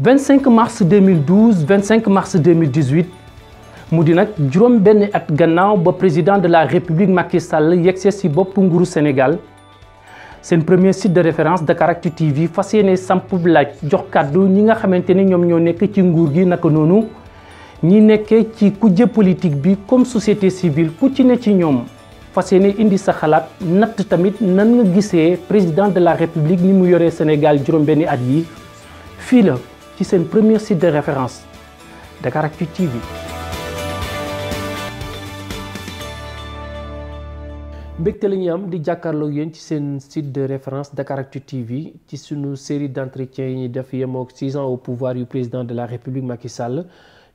25 mars 2012 25 mars 2018 mu di Ben at président de la république Macky Sall yegsee si Sénégal. C'est Sénégal le premier site de référence de Caractère TV fasciné yéene samp laaj jox kàddu ñi nga ni ñoo ci nguur politique bi comme société civile ku ci ne ci ñoom indi sa xalaat natt président de la république ni Sénégal juróom benn at c'est seen premier site de référence Dakaractu TV. mbégte la di site de référence Dakaractu TV ci une série d'entretiens entretien yi ñuy def ans au pouvoir du président de la république Macky Sall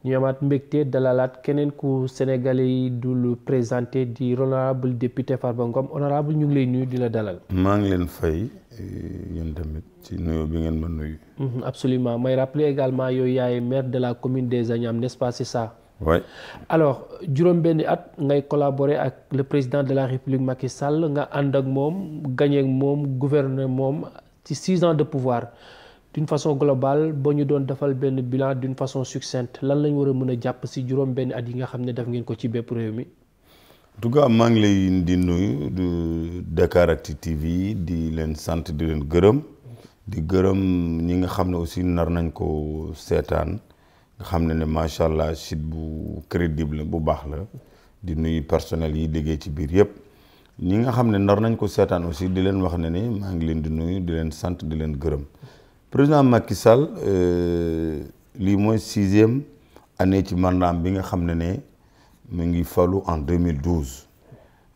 ñu amaat dalalat kenen keneen ku sénégalais yi le présenter, di honorable député Farbangom honorable ñu ngi lay nuyu di la dalal. maa ngi leen fay yéen tamit ci nuyoo bi ngeen ma nuyu. Mhm, absolument may rappeler également yo yaay maire de la commune des Agnam n'est-ce pas c'est ça. oui alors durant benni at ngay collaborer ak le président de la république Macky Sall nga and ak mom gagné ak mom gouverner mom ci six ans de pouvoir. d'une façon globale ba ñu doon defal benn bilan d'une façon succincte lan lañ war a mën a jàpp si juróom benn at yi nga xam ne def ngeen ko ci bépp réew mi en tout maa ngi lay di nuyu du Dakaractu TV di leen sant di leen gërëm di gërëm ñi nga xam ne aussi nar nañ ko seetaan nga xam ne ne macha allah site bu crédible bu baax la di nuyu personnel yi liggéey ci biir yëpp ñi nga xam ne nar nañ ko seetaan aussi di leen wax ne ni maa ngi leen di nuyu di leen sant di leen gërëm président Macky Sall euh, lii mooy sixième année ci mandat, bi nga xam ne ne ngi falu en 2012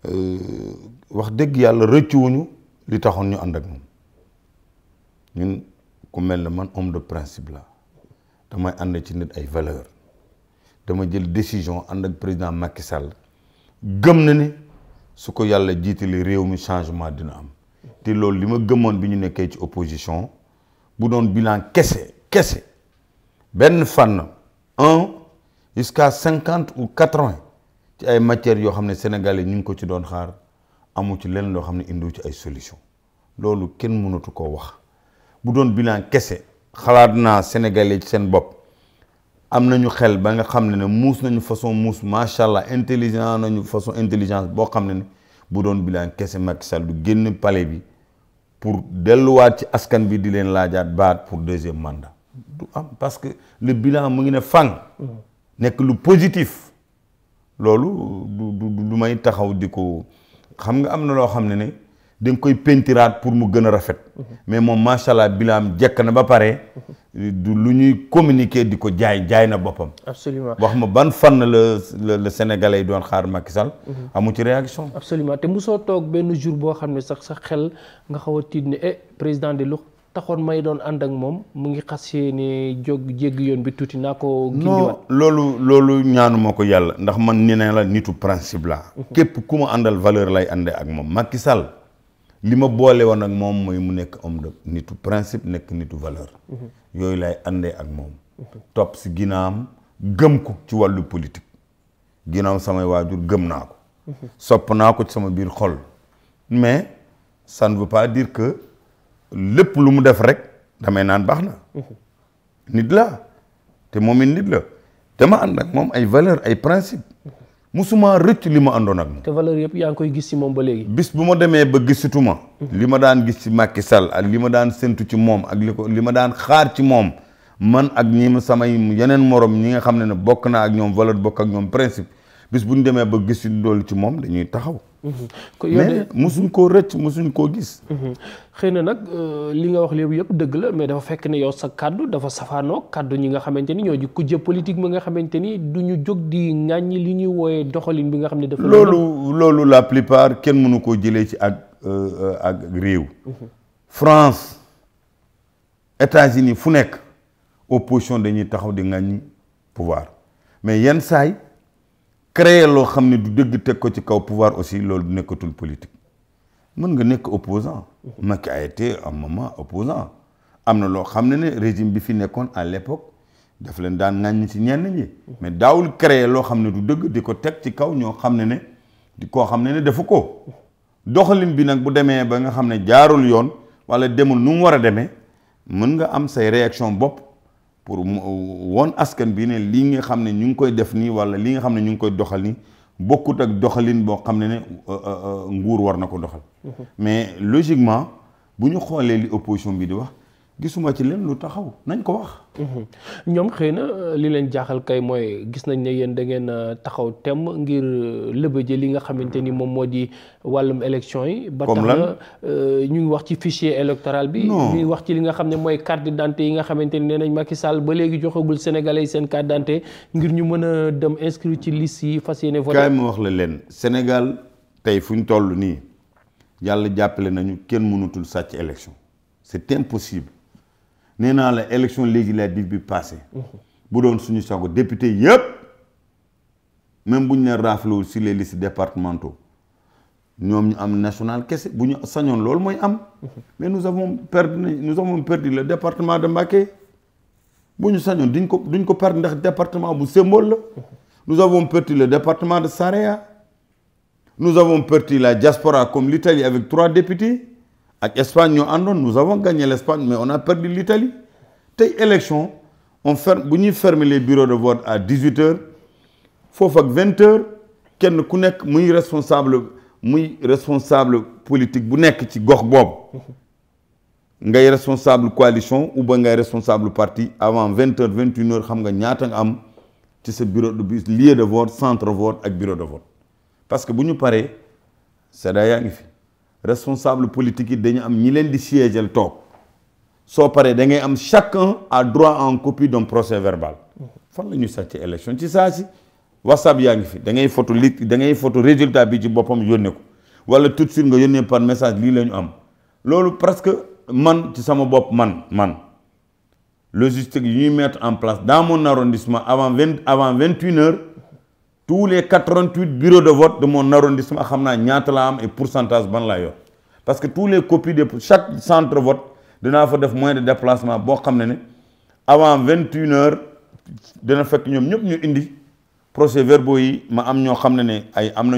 euh, wax dëgg yàlla rëccuwuñu li taxoon ñu ànd ak moom ñun ku mel man homme de principe la damay ànd ci nit ay valeur dama jël décision ànd ak président Macky Sall gëm na ni su ko yàlla jiitali réew mi changement dina am te loolu li ma gëmoon bi ñu nekkee ci opposition bu doon bilan kese kese ben fànn un jusqu'à 50 ou 80 ci ay matière yo xamné Sénégalais ñu ko ci doon xaar amu ci lenn lo xamné ne ci ay solution lolu kenn mënatu wax bu doon bilan kessé xalaat na Sénégalais ci sen bop am nañu xel ba nga xamné ne ne nañu façon muus macha allah intelligent nañu façon intelligence bo xamné ne bu doon bilan kessé Macky Sall du génn palais bi pour delluwaat ci askan bi di leen laajaat baat pour deuxième mandat du am parce que le mu ngi ne fang nekk lu positif loolu du du du may taxaw di ko xam nga am na loo xam ne ni da nga koy pentiraat pour mu gën a rafet mais moom macha allah bilaam jekk na ba pare du lu ñuy communiquer di ko jaay jaay na boppam absolument wax ma ban fànn la le sénégalais yi doon xaar Macky Sall amu ci réaction absolument mu soo toog benn jour boo xam ne sax sax xel nga xaw a tiit ne eh président de lu taxoon may doon ànd ak moom mu ngi xasee ne jóg jégg yoon bi tuuti naa ko gindiwaat loolu loolu ñaanuma ko yàlla ndax man ni ne la nitu principe la mhm. képp ku ma àndal valeur lay àndee ak moom Macky Lima ma boole woon ak moom mooy mu nekk homme de nitu principe nekk nitu valeur yooyu lay àndee ak moom topp si ginnaawam gëm ko ci wàllu politique ginnaaw samay waajur gëm naa ko sopp naa ko ci sama biir xol mais ça ne veut pas dire que lépp lu mu def rek damay naan baax na nit la te moom it nit la dama ànd ak moom ay valeur ay principe musuma rëcc li ma àndoon ak moom. te valeur yëpp yaa ngi koy gis ci moom ba léegi. bis bu ma demee ba gisutuma ma. li ma daan gis ci Macky Sall ak li ma daan séntu ci moom ak li ko li ma daan xaar ci moom man ak ñi ma samay yeneen morom ñi nga xam ne ne bokk naa ak ñoom valeur bokk ak ñoom principe bis bu ñu demee ba gis dool ci moom dañuy taxaw. mais mosuñ koo rëcc mosuñ koo gis. Mhm. xëy na nag euh, li nga wax léegi yëpp dëgg la mais dafa fekk ne yow sa kàddu dafa safaanoo kàddu ñi nga xamante ni ñoo ji kujje politique bi nga xamante ni du ñu jóg di ŋàññi li ñuy wooyee doxalin bi nga xam ne. dafa loolu loolu la plupart kenn mënu koo jëlee ci ak euh, ak réew. Mhm. France États-Unis fu nekk opposition dañuy taxaw di ŋàññi pouvoir mais yenn saay créer du pas ci kaw pouvoir aussi nekatul politique mën nga opposant Macky a été un moment opposant amna lo xamné régime bi fi à l'époque daf leen daan ci ñenn mais daawul créer lo xamné du deug diko tek ci kaw ne di doxalin bi nak bu ba nga jaarul am say réaction pour mu woon bi ne li nga xam ne ñu ngi koy def nii walla li nga xam ne ñu ngi koy doxal nii bokkut ak doxalin boo xam ne ne euh, euh, euh, nguur war na ko doxal mmh. mais logiquement bu ñu xoolee li opposition bi di wax gisuma ci leen lu taxaw nañ ko wax. Mhm. ñoom xëy na euh, li leen jaaxal kay mooy gis nañ ne yéen dangeen euh, taxaw temm ngir euh, lëbëje li nga xamante ni moom moo di wàllum élection yi. ba tax na ñu ngi wax ci fichier électoral bi. ñu ngi wax ci li nga xam ne mooy carte d'identité yi nga xamante ni nee nañ Macky Sall ba léegi joxagul Sénégalais yi seen carte d'identité ngir ñu mën a dem inscrire ci liste yi fas yéene voté. kaay ma wax la leen Sénégal tey fu ñu toll nii yàlla jàppale nañu kenn mënutul sàcc élection c'est impossible. Nous avons la élection législative bi passé bu doon suñu sago député yépp même si nous avons raflé les listes départementaux ñom ñu am national kese buñu sañon lool moy am mais nous avons perdu nous avons perdu le département de Mbacké buñu sañon duñ ko duñ ko perdre ndax département bu symbole nous avons perdu le département de Saréa nous avons perdu la diaspora comme l'Italie avec trois députés avec l'Espagne, nous avons gagné l'Espagne mais on a perdu l'Italie tey élection on ferme les bureaux de vote à 18 h il faut que 20 h quelqu'un ku est responsable politique bu est responsable de la responsable coalition ou ba ngay responsable parti avant 20 h 21 h xam nga ñaata nga am ci sa bureau de lieu de vote centre vote ak bureau de vote parce que si on parle, c'est d'ailleurs. ngi responsable politique dañu am ñi leen di siégel toog soo paree da ngay am chacun a droit en copie d'un procès verbal fan la ñu sàcc élection ci saa si whatsapp yaa ngi fi da ngay photo li da ngay photo résultat bi ci boppam yónnee ko wala tout de suite nga yónnee par message lii la ñu am loolu presque man ci sama bopp man man logistique yi ñuy mettre en place dans mon arrondissement avant 20, avant 21 heures tous les 88 bureaux de vote de mon arrondissement xam la et pourcentage ban parce que tous les copies de chaque centre vote dinaa def moins de déplacement Bon, avant 21 heures dina fekk ñoom nous ñu indi procès verbaux Je ma am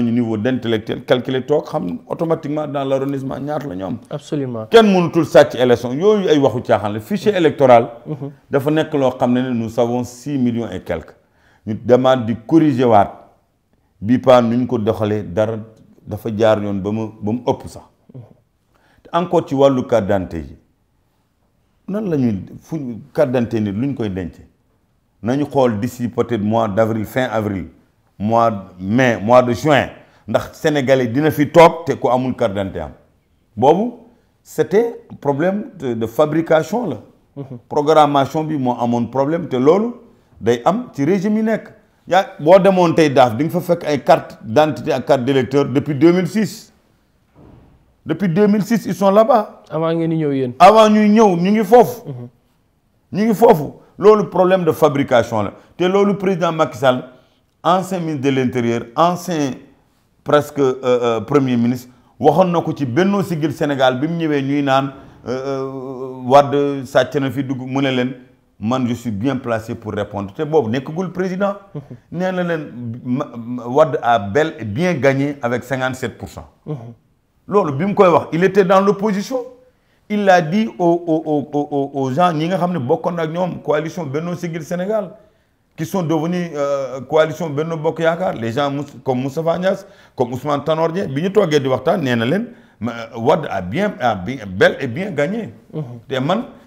niveau d'intellectuel, intellectuel automatiquement dans l'arrondissement, nous avons la ñu Qui absolument kenn mënutul sàcc élection yooyu ay waxu ça, fichier électoral. Mhm. dafa faut que nous avons 6 millions et quelques Nous demandons de corriger bi paan nuñ ko doxale dara dafa jaar ñoon ba mu ba mu ëpp sax te encore ci wàllu carte d'identité yi nan la ñuy fu carte d'identité nit luñ koy denc nañu xool d'ici peut-être mois d'avril fin avril mois mai mois de juin ndax sénégalais dina fi toog te ku amul carte d'identité am boobu c'était problème de fabrication la mmh programmation bi moo amoon problème te loolu day am ci régime yi nekk il y a des daaf di nga fa fek ay carte d'identité ak carte d'électeur depuis 2006 depuis 2006 ils sont là-bas. avant ngeen ñëw avant ñuy ñëw ñu ngi foofu. Mhm. ñu ngi fofu lolu problème de fabrication la té lolu président Macky Sall ancien ministre de l'intérieur ancien presque euh, euh, premier ministre waxon nako ci Benno sigil Sénégal bimu mu ñëwee ñuy naan euh, euh wad na fi dugg mune man je suis bien placé pour répondre vous Bob, le président Wad Wad a bel et bien gagné avec 57%. lolu bim il était dans l'opposition il a dit aux aux aux aux gens ñi nga xam coalition Benno Siggil Sénégal qui sont devenus euh, coalition Benno bok yakar les gens comme Moussa Niasse comme Ousmane Tanor biñu togué di waxtan a bien a bien bel et bien gagné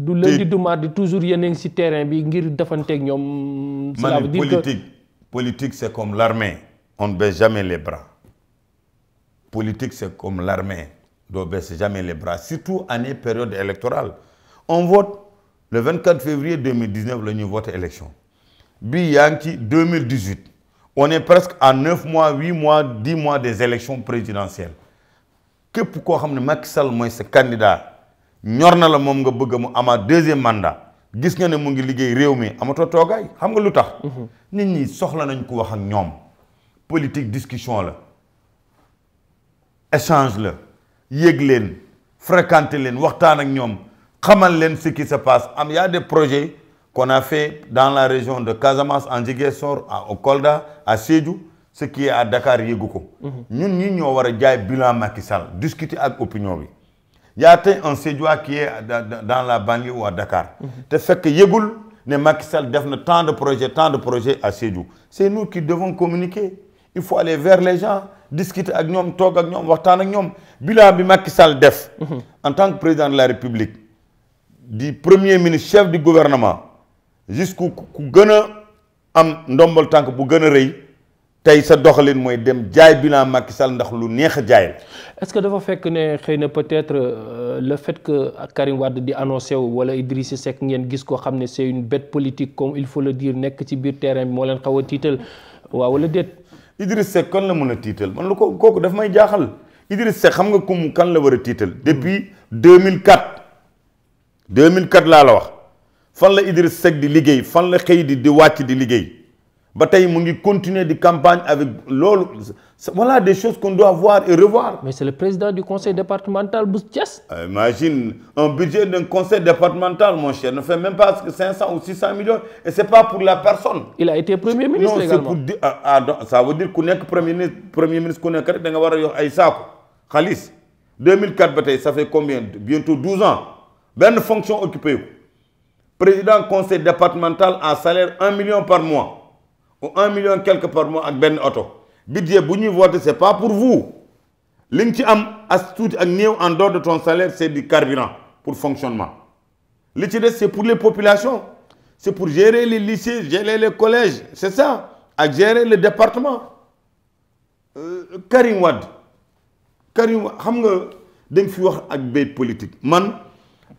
du lundi du mardi toujours terrain politique c'est comme l'armée on ne baisse jamais les bras politique c'est comme l'armée on ne baisse jamais les bras surtout en période électorale on vote le 24 février 2019 le niveau vote élection bi 2018 on est presque à 9 mois 8 mois 10 mois des élections présidentielles que pourquoi xam ne Macky Sall candidat ñorna la mom nga bëgg mu deuxième mandat gis nga né mo ngi liggéey réew mi xam nga lutax mhm. ñi soxla nañ ko wax ak ñom politique discussion la échange la fréquenter ce qui se passe Il y a des projets qu'on a fait dans la région de Casamance en Ziguinchor à Okolda, à Sédou, ce qui est à Dakar et ko. Mhm. ñun ñi bilan Macky Sall discuter il y a un séjour qui est dans la banlieue ou à Dakar. C'est fait que ne Macky Sall def tant de projets tant de projets à séjour. c'est nous qui devons communiquer il faut aller vers les gens discuter avec nous, toog avec nous, parler avec nous. bilan bi Macky Sall def. en tant que président de la République. du premier ministre chef du gouvernement. jusqu'au ku en am que bu tay sa doxalin moy dem jaay bilan Macky Sall ndax lu neex jaay est-ce que dafa fekk ne xeyna peut-être le fait que Karim Wade di annoncer wala Idrissi Seck ngeen gis ko xamne c'est une bête politique comme il faut le dire nek ci biir terrain mo len xawa titel wa wala det Idrissa Seck kon la meuna titel man lu ko kooku daf may jaxal Idrissa Seck xam nga kum kan la wara titel depuis 2004. 2004 la la wax fan la Idrissa Seck di liggéey fan la xëy di di wàcc di liggéey. Bataille continue de continuer de campagne avec l'eau... voilà des choses qu'on doit voir et revoir. mais c'est le président du conseil départemental bu ah, imagine un budget d'un conseil départemental mon cher ne fait même pas 500 ou 600 millions et c'est pas pour la personne. il a été premier ministre également ah, ah, ça veut dire qu'on est premier ministre premier ministre qu'on 2004 ça fait combien bientôt 12 ans Bonne fonction occupée. Président président conseil départemental à salaire 1 million par mois ou 1 million quelque par mois une auto oto budget bu c'est pas pour vous Ce qui est en dehors de ton salaire c'est du carburant pour le fonctionnement Ce qui c'est pour les populations c'est pour gérer les lycées gérer les collèges c'est ça À gérer le département euh, Karim Wade Karim Wad, xam nga dañ fi wax politique man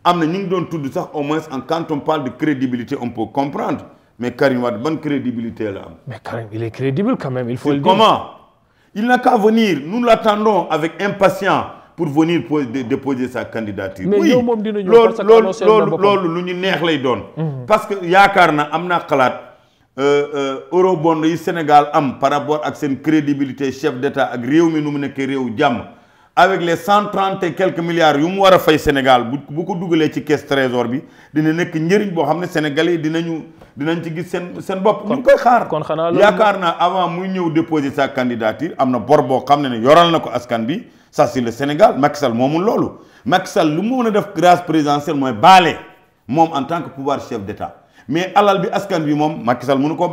au moins quand on parle de crédibilité on peut comprendre mais Karim Wade, bonne crédibilité là. Mais Karim, il est crédible quand même, il faut le dire. Comment Il n'a qu'à venir. Nous l'attendons avec impatience pour venir déposer sa candidature. Mais oui, Parce que Yakarna, Amna Khalat, Eurobond yi Sénégal am par rapport à sa crédibilité chef d'État, ak réew avec les cent trente et quelques milliards yu mu war a fay Sénégal bu bu ko dugalee ci caisse trésor bi dina nekk njëriñ boo xam ne Sénégalais dinañu dinañ ci gis seen seen bopp. ñu koy xaar kon xanaa yaakaar naa avant muy ñëw déposer sa candidature am na bor boo xam ne ne yoral na ko askan bi ça c'est le Sénégal Macky Sall loolu Macky lu mu mën a def grâce présidentielle mooy baale moom en tant que pouvoir chef d'État mais alal bi askan bi moom Macky munu mënu koo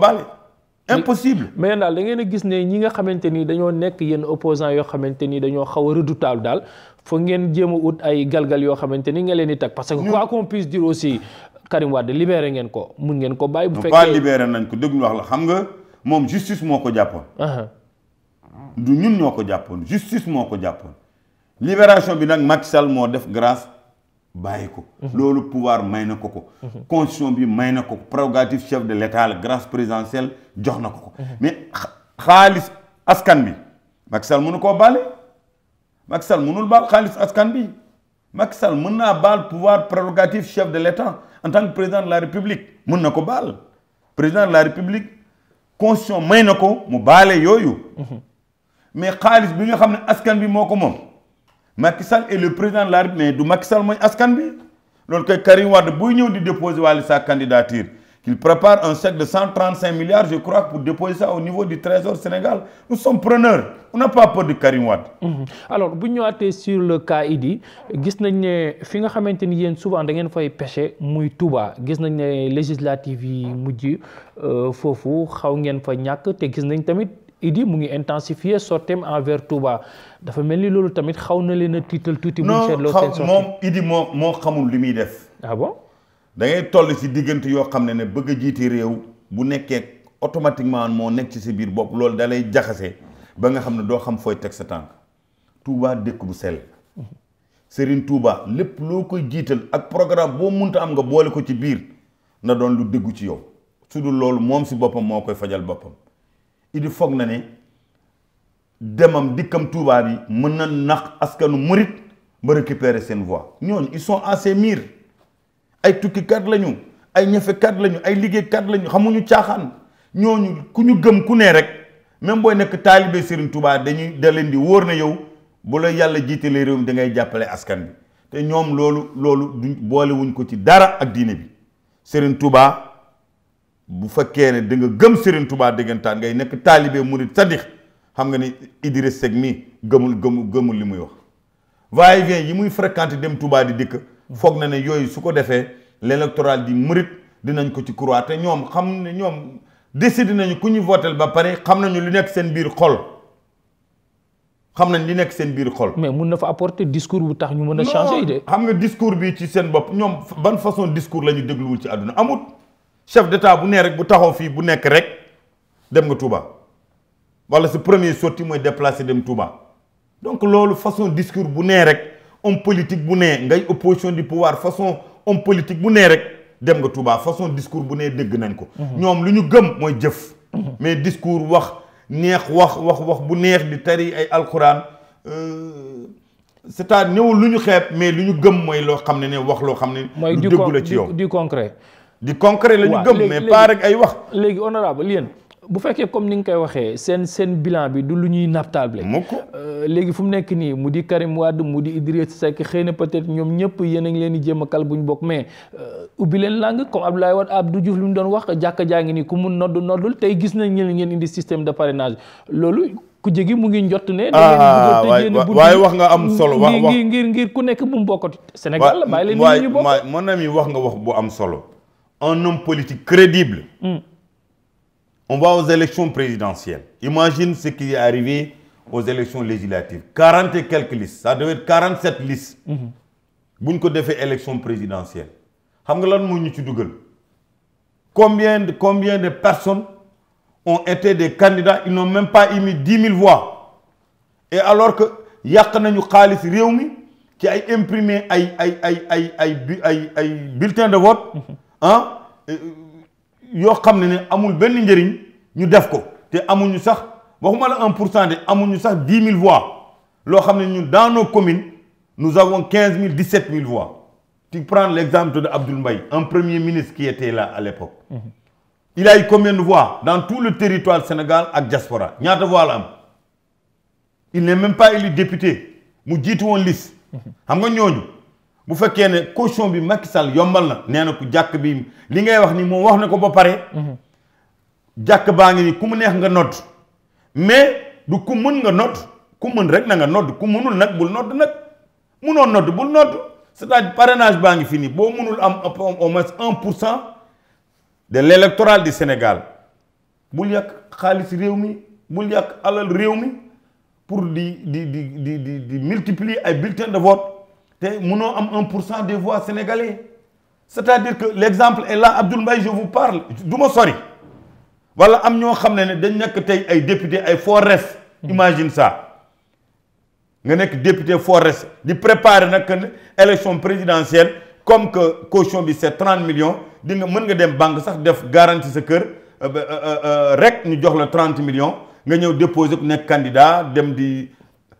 impossible mais yéen daal da ngeen gis ne ñi nga xamante ni dañoo nekk yenn opposants yoo xamante ni dañoo xaw a redoutable daal foog ngeen jéem a ut ay galgal yoo xamante ni nga leen di tag parce que quoi qu'on puisse dire aussi Karim Wade libéré ngeen ko mun ngeen ko bàyyi. bu fekkee pas libéré nañ ko déglu wax la xam nga moom justice moo ko jàppoon. du ñun ñoo ko jàppoon justice moo ko jàppoon. libération bi nag Macky Sall moo def grace bayiko ko pouvoir mayna koko constitution bi mayna koko prérogative chef de l'État grâce présidentielle joxna koko mais khalis askan bi Macky Sall mënu balé? baale Macky Sall mënul askan bi Macky Sall bal pouvoir prérogative chef de l'État en tant que président de la République mën ko bal président de la République constitution mayna ko mu balé yoyu mhm. mais khalis bi nga xamné askan bi moko mom Macky est le président de la République mais du Macky Sall mooy askan bi loolu koy Karim Wade buy ñëw di déposer sa candidature qu'il prépare un chèque de 135 milliards je crois pour déposer ça au niveau du Trésor Sénégal nous sommes preneurs on n'a pas peur de Karim Wade. Mhm. alors bu ñu sur le cas Idi gis nañ ne fi nga xamante ni souvent da ngeen fay pêcher muy Touba gis nañ ne législative yi mujj euh, foofu xaw ngeen fa ñàkk te gis nañ tamit Idi mu ngi intensifier thème envers Touba. dafa mel ni loolu tamit xaw na leen a tiital tuuti. bu ñu seetloo seen soxla non moom Idi moo moo xamul li muy def. ah bon da ngay toll si diggante yoo xam ne ne bëgg a jiite réew bu nekkee automatiquement moo nekk ci si biir bopp loolu dalay jaxase ba nga xam ne doo xam fooy teg sa tànk tuubaa dëkk bu sell. Serigne tuubaa lépp loo koy jiital ak programme boo munta am nga boole ko ci biir na doon lu dëggu ci yow su dul loolu moom si boppam moo koy fajal boppam foog na ne. demam dikkam Touba bi mën na nax askanu murit ba récupérer seen voix ñooñu il sont à ses murs ay tukkikat lañu ay ñëfekat lañu ay liggéeykat lañu xamuñu caaxaan ñooñu ku ñu gëm ku nee rek même booy nekk taalibe Serigne Touba dañuy da leen di wóor na yow bu la yàlla jiitalee réew mi da ngay jàppale askan bi te ñoom loolu loolu duñ boolewuñ ko ci dara ak diine bi Serigne Touba bu fekkee ne da nga gëm Serigne Touba dëggantaan ngay nekk taalibee murit sadix xam nga ni Idriss Seck mi gëmul gëmul gëmul li muy wax waaye et vient yi muy fréquenté dem Touba di dikk foog na ne yooyu su ko defee l'électoral di mërit dinañ ko ci croire te ñoom xam ne ñoom décidé nañu ku ñu voté ba pare xam nañu lu nekk seen biir xol xam nañ li nekk seen biir xol. mais mun na fa apporter discours bu tax ñu mën a. changer idée xam nga discours bi ci seen bopp ñoom ban façon discours la ñu dégluwul ci àdduna amut chef d'état bu nee rek bu taxaw fii bu nekk rek dem nga Touba. Voilà ce premier sortie est déplacé de Touba donc la façon discours bu la politique bu l'opposition opposition du pouvoir façon homme politique bu nee rek dem façon discours bu de dégg nañ ko. Mhm. lu gëm mhm. mais discours wax neex wax wax wax bu neex di tari ay euh c'est à mais luñu gëm moy nous xamné né wax lo du concret. du concret la gëm mais pas rek ay wax. honorable bu fekkee comme ni nga koy waxee seen seen bilan bi du lu ñuy naftable euh, léegi fu mu nekk nii mu di Karim Wade mu di Idriss Seck xëy na peut-être ñoom ñëpp yéen a leen di jéem a kal bu ñu bokk mais euh, ubbi leen làng comme Abdoulaye Wade Abdou Diouf lu ñu doon wax jàkka jaa ngi nii ku mun nodd noddul tey gis nañ ñeen ngeen indi système de parrainage loolu ku jegi mu ngi njott ne ah, waaye wax nga am solo wax wax ngir ngir ku nekk bu mu bokkati Sénégal la bàyyi leen ñu bokk mon ami wax nga wax bu am solo un homme politique crédible hmm. On va aux élections présidentielles. Imagine ce qui est arrivé aux élections législatives. 40 et quelques listes. Ça devait être 47 listes. on a fait élection présidentielle xam nga lan combien de combien de personnes ont été des candidats ils n'ont même pas émis 10 000 voix et alors que il y a qui a ci ay imprimé bulletin de vote mhm. ah, il y a ne amul benn njëriñ ñu def ko te amuñu sax waxuma la 1 pour cent de amuñu sax 10 000 voix loo xam ñun dans nos communes nous avons 15 000, 17 000 voix tu prends l'exemple de Abdoulaye Mbaye un premier ministre qui était là à l'époque. Mhm. il a eu combien de voix dans tout le territoire du Sénégal ak diaspora de voix la am il n'est même pas élu député mu jiitu woon liste. Mhm. xam nga bu fekkee ne caution bi Macky Sall yombal na nee na ku jàkk bi li ngay wax ni moom wax na ko ba pare mhm. jàkk baa ngi ni ku mu neex nga nodd mais du ku mën nga nodd ku mën rek na nga nodd ku mënul nag bul nodd nag munoo nodd bul nodd c'est-à-dire parrainage baa ngi fi nii boo mënul am au moins un pour cent de l'électorat du Sénégal bul yàq xaalis réew mi bul yàq alal réew mi pour di di di di di multiplier ay bulletins de vote nous avons am des voix sénégalais c'est-à-dire que l'exemple est là Abdoul je vous parle je ne sori voilà am ñoo xamné ne des dañ nek tay ay député ay forest imagine ça nga nek député forest di préparer nak élection présidentielle comme que caution bi c'est 30 millions di nga mën nga dem banque sax def garantie sa euh, euh, euh, euh, rek ñu jox millions nga ñëw déposer nek candidats. candidat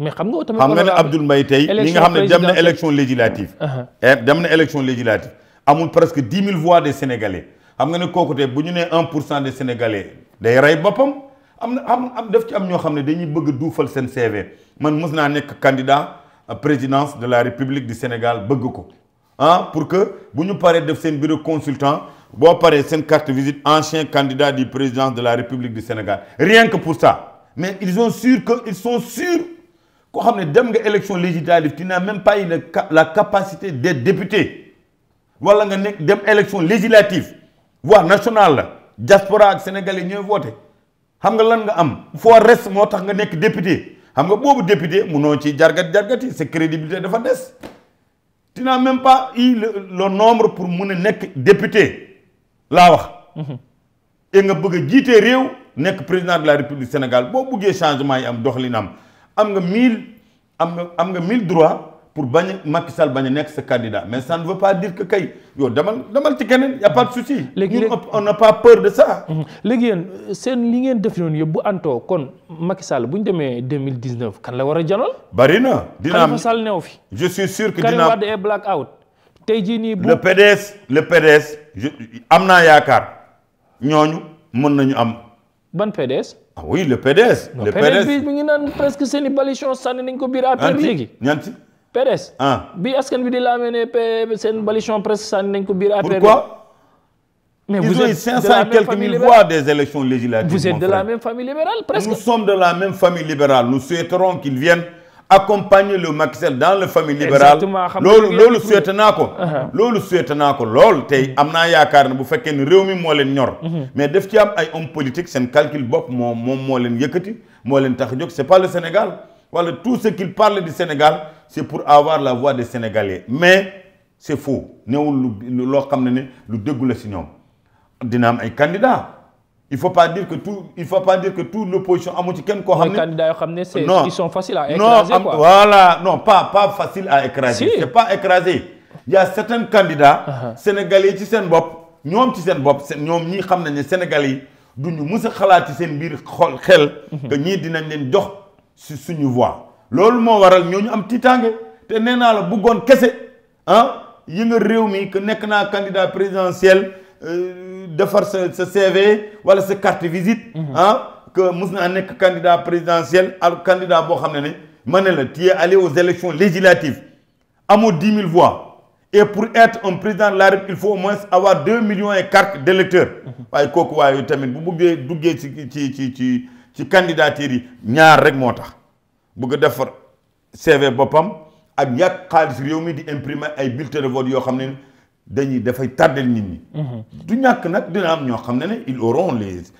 mais xam nga xam nga ne Mbaye nga élection législative Il y élection législative uh-huh. eh, presque 10 000 voix des sénégalais xam nga ne kooku tey des sénégalais day rey boppam am na am qui def ci am ñoo xam ne dañuy bëgg duufal seen CV man présidence de la République du Sénégal bëgg ko ah, pour que si ñu paree def seen bureau consultant boo paree de carte visite ancien candidat du présidence de la République du Sénégal rien que pour ça mais ils ont sûr que ils sont sûrs quand on ne dem nga élection législative tu n'as même pas eu la capacité d'être député wala nga nekk dem élection législative voire nationale diaspora ak sénégalais ñooy voté xam nga lan nga am foo res moo nga député xam nga boobu député munoo ci jargat jargati sa crédibilité de des tu n'as même pas eu le nombre pour mun a député laa wax mhm. et nga bëgg a réew président de la république du Sénégal boo buggee changement yi am doxalin am nga 1000 am nga am nga pour bañ Macky Sall bañ nek ce candidat mais ça ne veut pas dire que kay yo demal demal ci keneen y' a pas de souci. léegi on n'a pas peur de ça. Mhm. léegi yéen seen li ngeen def non yëpp bu anto kon Macky Sall bu démé 2019 kan la wara a barina dina Macky Sall neew fi. je suis sûr que dina Karim Wade est black out. tey jii nii le PDS le PDS amna yakar ñoñu mën nañu am. ban PDS ah oui le PDS. le PDS bi presque c'est une balichon sànni nañ ko biir APR PDS. ah bi qu'on bi di laamee ne balichon presque sànni nañ ko pourquoi. Mais Ils vous avez 500 et quelques mille voix des élections législatives. Vous êtes de la même famille libérale, presque. Nous sommes de la même famille libérale. Nous souhaiterons qu'ils viennent accompagner le Macky dans le famille libérale loolu loolu souhaité naa ko uh-huh. loolu souhaité naa ko lool tey mm-hmm. am naa bu fekkee ne réew mi moo ñor mm-hmm. mais def ci am ay homme politique un calcul bop mo mo moo leen yëkkati moo leen tax jox, c'est pas le Sénégal wala tout ce qu'il parle du Sénégal c'est pour avoir la voix des Sénégalais mais c'est faux newul lo xamné ne lu la ci ñom. dina am ay candidats il faut pas dire que tout il faut pas dire que toutes l'opposition amu ils sont faciles à écraser non, voilà non pas pas facile à écraser. c'est pas écrasé. il y a certains candidats. Uh-huh. sénégalais ci sont bop ñom ci sénégalais duñu xalaat ci biir xol xel. Uh-huh. que ñi dinañ leen jox suñu voix. waral am ah, que nek na candidat présidentiel. Euh, de faire ce CV ou ce carte visite. Mhm. Ah, que candidat présidentiel candidat qui est allé aux élections législatives amoo 10 000 voix. et pour être un président de il faut au moins avoir 2 millions et quart d'électeurs par mhm. bu candidat, ci ci ci ci ci avez CV de vote dañuy dafay tardel nit ñi. Mhm. du ñàkk nag dina am ñoo xam ne ne ils auront les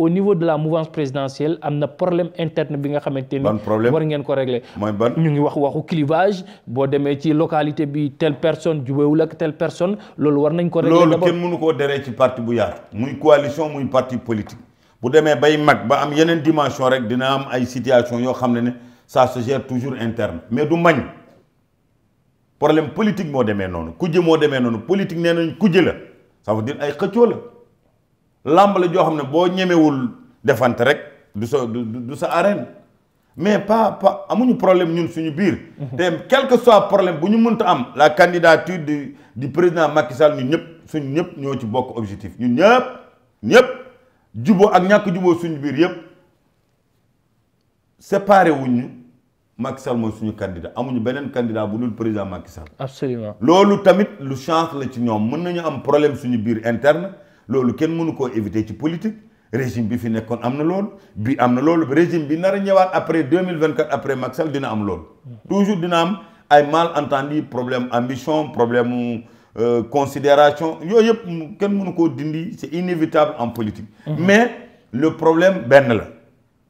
au niveau de la mouvance présidentielle am problème interne bi nga xamante ni. problème war ngeen ko régler. mooy ban ñu ngi wax waxu clivage boo demee ci localité bi telle personne jubéwul ak telle personne loolu war nañ ko. régler d'abord loolu kenn mënu koo deree ci parti bu yaatu. muy coalition muy parti politique. bu demee bay mag ba am yeneen dimension rek dina am ay situation yoo xam ne ça se gère toujours interne. mais du mañ problème politique moo demee noonu kujje moo demee noonu politique nee nañ kujje la ça veut dire ay xëccoo la làmb la xamné bo ñëméwul boo defante rek du sa du sa arène mais pas pas amuñu problème ñun suñu biir mhm. té quel que soit problème buñu mënta am la candidature du du président Macky Sall ñun ñëpp suñu ñëpp ñoo ci bokk objectif ñun ñëpp ñëpp juboo ak ñak juboo suñu biir yëpp séparé wuñu Macky Sall mooy suñu candidat amuñu benen candidat bu dul président Macky Sall absolument lolu tamit lu chance la ci ñom mën nañu am problème suñu biir interne loolu kenn mënu koo éviter ci politique régime bi fi nekkoon am na bi am na régime bi nar a ñëwaat après 2024 après Macky Sall dina am loolu toujours dina am ay d'ambition, problème ambition problème euh, considération yooyu yëpp kenn mënu koo dindi c'est inévitable en politique mhm. mais le problème benn la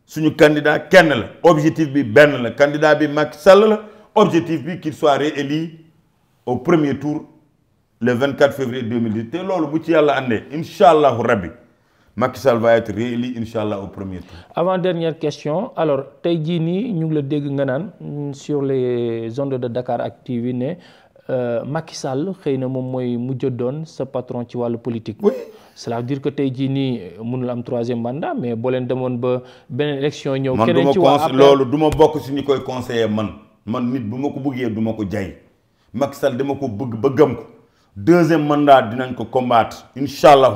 suñu candidat kenn la objectif bi benn la candidat bi Macky Sall la objectif bi qu'il soit réélu au premier tour le 24 février 2018. te loolu bu ci yalla andé inshallah allahu rabbi Macky Sall va être réélu inshallah au premier tour. avant dernière question alors tey jii nii ñu ngi la dégg nga nan sur les zones de Dakar ak né euh, Macky Sall xeyna mom moy mu jëddon doon sa patron ci walu politique. oui cela veut dire que tey jii nii mënul am troisième mandat mais bo leen demoon ba beneen élection ñew keneen ci waa loolu du duma bokk ci ñu koy conseiller man man nit bu mako bëggé duma ko jaay Macky Sall dama ko bëgg ba gëm ko deuxième mandat dinañ ko combattre Inshallah,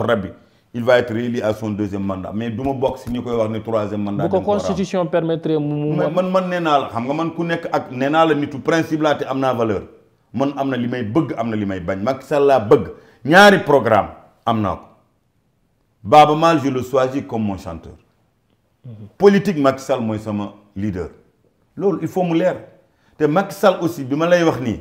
il va être réélu à son deuxième mandat mais du ma bokk si koy wax ni troisième mandat. bu ko constitution permettrait mu. man man nee la xam nga man ku nekk ak nee la nitu principe laa te am valeur man amna limay bëgg amna limay bañ Macky Sall bëgg ñaari programme amna ko Baba Mal je le choisis comme mon chanteur. politique Macky Sall mooy sama leader. loolu il faut mu leer té Macky Sall aussi bima lay wax ni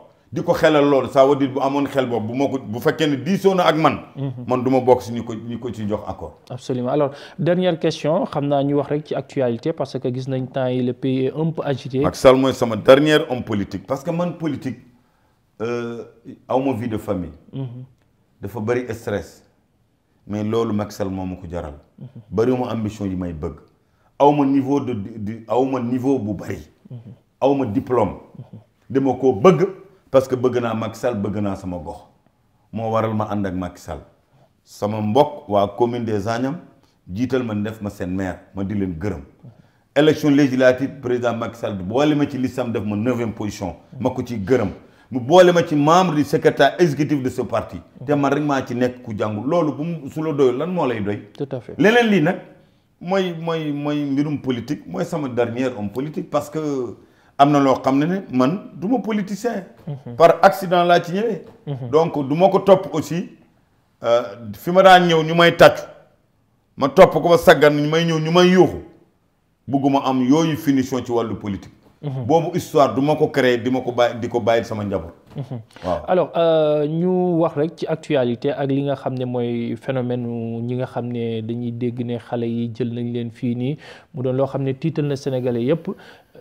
di ko xelal lool ça veut dire bu amone xel boobu bu ma ko bu fekkee ne diisoo ak man. Mhm. man duma bok ci ni ko ko ci jox accord. absolument alors dernière question xamna ñu wax rek ci actualité parce que gis nañ temps yi le pays est un peu agité. Macky sal moy sama dernière homme politique. parce que man politique euh awma vie de famille. Mhm. dafa bari stress mais loolu Macky sal moo ko jaral. Mhm. bëriwuma ambition yi may bëgg. awma niveau de di aw niveau bu bëri. aw ma diplôme. dama koo bëgg. parce que bëgg naa Macky Sall bëgg naa sama gox moo waral ma ànd ak Macky Sall sama mbokk waa commune des Agnam jiital ma def ma seen maire ma di leen gërëm élection législative président Macky Sall boole ma ci listam def ma neuvième position ma ko ci gërëm mu boole ma ci membre du secrétaire exécutif de ce parti te man rek maa ci nekk ku jàngu loolu bu mu su la doyul lan moo lay doy tout à leneen lii nag mooy mooy mooy mbirum politique mooy sama dernier homme politique parce que Je lo xamné ne man du politicien. Mhm. par accident l'a ci mhm. donc du ma ko top aussi euh, fi ma da ñëw ñu may ma top ko ba saggan ñu may ñëw ñu may yuxu bugguma am finition ci walu politique. Mhm. histoire du ko créer di ko alors ñu actualité nga phénomène nga sénégalais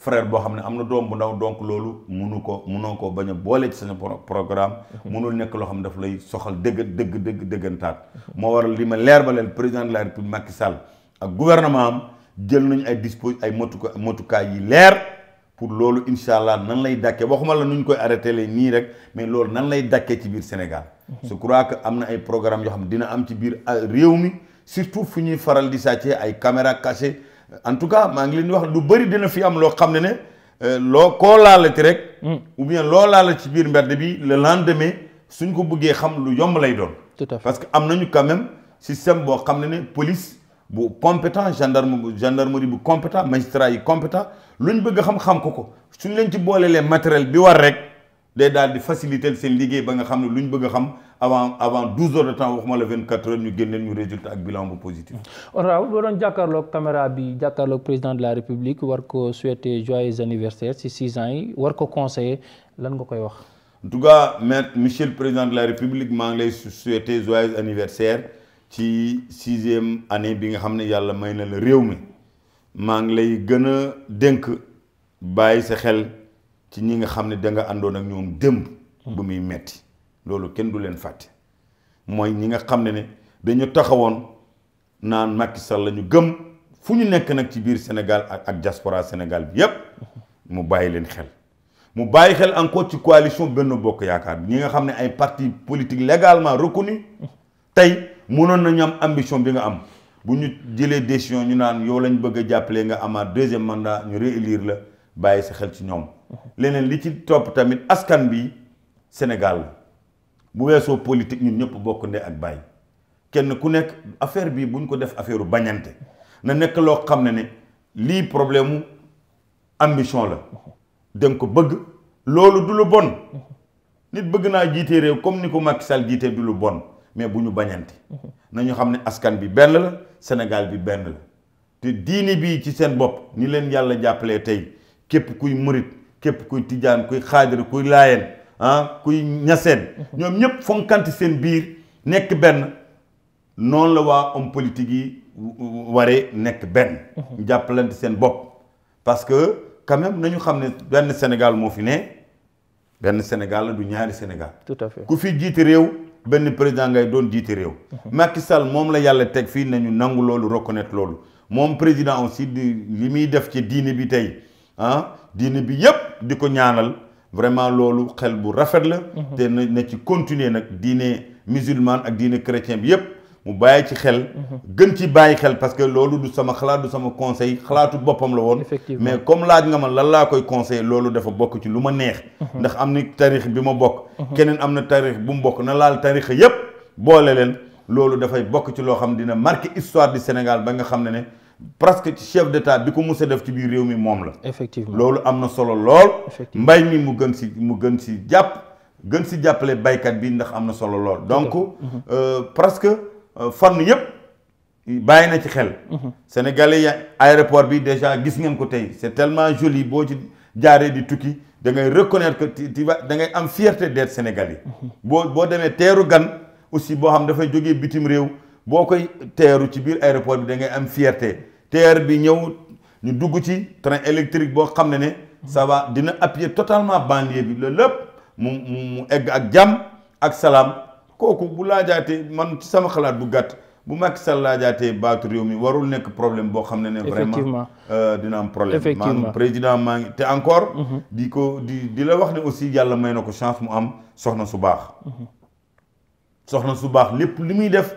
frère boo xam ne am na doom bu ndaw donc loolu munu ko munoo ko bañ a boole ci seen programme mhm. munul nekk loo xam ne daf lay soxal dëgg dëgg dëgg dëggantaat moo waral li ma leer ba leen président de la république Macky Sall ak gouvernement jël nañu ay dispos ay motuka motukaay yi leer pour loolu incha allah nan lay dàkkee waxuma la nu ñu koy arrêté nii rek mais loolu nan lay dàkkee ci biir Sénégal mhm. je crois que am na ay programme yoo xam ne dina am ci biir ah, réew mi surtout fu ñuy faral di sàccee ay caméra cachée en tout cas maa ngi leen wax lu faire dina fi am loo xam ne ne euh, loo koo laalati rek. Hmm. ou bien loo ci biir mbedd bi le lendemain suñ ko bëggee xam lu yomb lay doon. parce que am nañu quand même système boo xam police bu compétent gendarme gendarmerie bu compétent magistrat yi compétent luñ bëgg xam xam ko suñ leen ci matériel bi war rek day daal di faciliter seen liggéey ba nga xam luñ avant avant 12 heures de temps waxuma le 24 heures ñu génneen ñu résultat ak bilan bu positif. Raoul boo doon jàkkaarloog caméra bi jàkkaarloog président de la république war ko souhaiter joyeux anniversaire ci 6 ans yi war ko conseiller lan nga koy wax. en tout cas maître monsieur le président de la république je vous lay souhaiter joyeux anniversaire ci e année bi nga xam ne yàlla may vous la réew mi maa ngi lay gën de dénk bàyyi sa xel ci ñi nga xam ne da nga àndoon ak ñoom démb. bu metti loolu kenn du leen fàtte mooy ñi nga xam ne ne dañu taxawoon naan Macky Sall la gëm fu ñu nekk nag ci biir Sénégal ak ak diaspora Sénégal bi yëpp mu bàyyi leen xel mu bàyyi xel encore ci coalition benn Bokk Yaakaar bi ñi nga xam ne ay parti politique légalement reconnu tey mënoon nañu am ambition bi nga am bu ñu jëlee décision ñu naan yow lañu bëgg a jàppale nga amaat deuxième mandat ñu réélire la bàyyi sa xel ci ñoom leneen li ci topp tamit askan bi Sénégal bu weesoo politique ñu ñëpp bokk ndey ak bàyyi kenn ku nekk affaire bi buñ ko def affaire bañante na nekk loo xam ne ni lii problème mu ambition la danga ko bëgg loolu du lu bon nit bëgg naa jiite réew comme ni ko Macky Sall jiite du lu bon mais bu ñu bañante nañu xam ne askan bi benn la Sénégal bi benn la te diini bi ci seen bopp ni leen yàlla jàppalee tey képp kuy murit képp kuy tijaan kuy xaadir kuy laayeen ah kuy ñaseen ñoom ñëpp fonkanti seen biir nekk benn noonu la waa homme politique yi waree nekk benn mhm. jàppalante seen bopp parce que quand même nañu xam ne benn Sénégal moo fi ne benn Sénégal la du ñaari Sénégal tout à fait ku fi jiite réew benn président ngay doon jiite réew mhm. Macky Sall moom la yàlla teg fii nañu nangu loolu reconnaître loolu moom président aussi di li muy def ci diine bi tey ah diine bi yépp di ko ñaanal vraiment lolu xel bu rafet la. Mhm. té na ci continuer nak diiné musulman ak diiné chrétien bi yépp mu baye ci xel. Mhm. gën ci baye xel parce que lolu du sama xalaat du sama conseil xalaatu bopam la won mais comme laaj nga ma lan la koy conseil lolu dafa bok ci luma neex. Mhm. ndax am na tarix bi ma bokk. keneen am na bu mu bokk na laal tarix yépp boole leen loolu dafay bok ci lo xam dina marqué histoire du Sénégal ba nga xam ne presque chef d'état il def ci effectivement loolu mi mu gën mu gën gën donc euh, mhm. presque euh, mhm. Sénégalais aéroport bi déjà gis ngeen c'est tellement joli de ci jaaree di tukki da reconnaître que tu vas da fierté d'être sénégalais. Si mhm. aussi xam fait boo koy teeru ci biir aéroport bi dangay am fierté teer bi ñëw ñu dugg ci train électrique boo xam ne ne ça dina appuyer totalement banlieue bi loolu lépp mu mu mu egg ak jàmm ak salaam kooku bu laajaatee man sama xalaat bu gàtt bu mag Sall laajaatee baatu réew mi warul nekk problème boo xam ne ne vraiment euh, dina am problème maa président maa ngi te encore mhm. di ko di di la wax ne aussi yàlla may na ko chance mu am soxna su baax mhm. soxna su baax lépp li muy def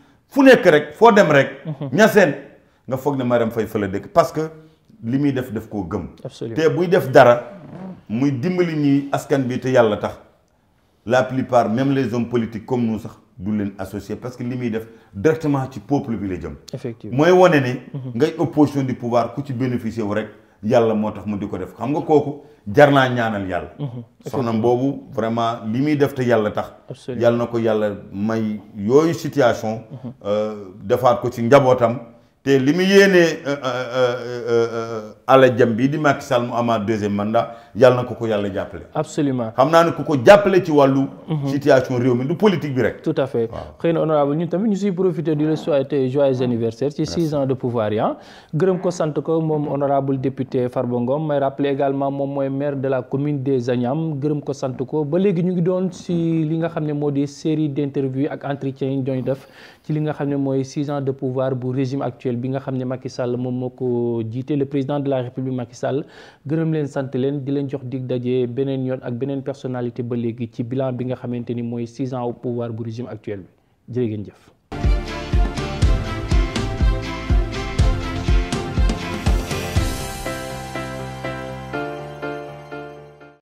que faut rek les dem rek. Mhm. nga ce ne la parce que li muy def gëm. askan bi la plupart même les hommes politiques comme nous sax du associés parce que def directement ci peuple bi effectivement mhm. opposition du pouvoir ku bénéficier yàlla moo tax mu di ko def xam nga kooku jar naa ñaanal yàlla mhm, soxna boobu vraiment li muy def te yàlla tax yàlla na ko yàlla may yooyu situation mhm. euh, defaat ko ci njabootam te li mu yéenee euh, euh, ala jam bii di Macky Sall mu deuxième mandat Yalla na ko Yalla yàlla absolument Hamna naa ne ku ko jàppale ci wàllu. Mhm. situation réew du politique bi rek. tout à fait xëy honorable ñun tamit ñu siy profiter de le souhaiter joyeux anniversaire ci six ans de pouvoir hein. gërëm ko sant ko honorable député Farba Ngom may rappelé également mon maire de la commune des Agnam Grand ko sant ko ba léegi ñu ngi si li nga xam ne série d'interviews interview ak entretien yi def ci li nga six ans de pouvoir bu régime actuel bi nga xam Macky Sall moom dit le président de la la république Macky Sall gërëm leen sant leen di leen jox dig daje beneen yoon ak beneen personnalité ba léegi ci bilan bi nga xamante ni mooy six ans au pouvoir bu régime actuel bi jërë ngeen jëf